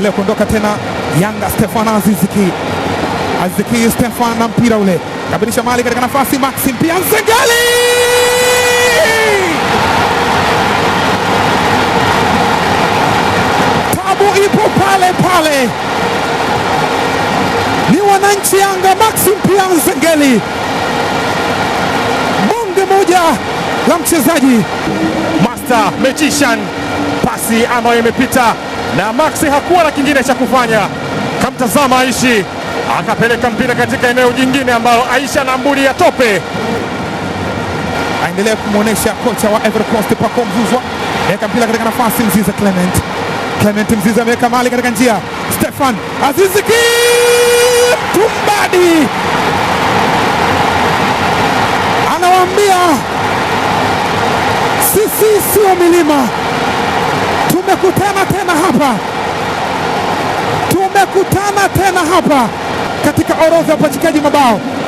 ile kuondoka tena Yanga Stefan Aziziki Aziziki Stefan na mpira ule kabirisha mali katika nafasi Maxim pia Nzengali tabu ipo pale pale, ni wananchi Yanga Maxim pia Nzengeli bonge moja la mchezaji Master magician, pasi ambayo imepita na Maxi hakuwa na kingine cha kufanya, kamtazama Aishi akapeleka mpira katika eneo jingine ambalo Aisha na mburi ya tope aendelea kumwonyesha kocha wa Ivory Coast Pacome Zouzoua, mpira katika nafasi Mzize Clement. Clement Mzize ameweka mali katika njia, Stefan aziziki Tumbadi anawaambia sisi sio milima hapa, tumekutana tena hapa katika orodha ya upachikaji mabao.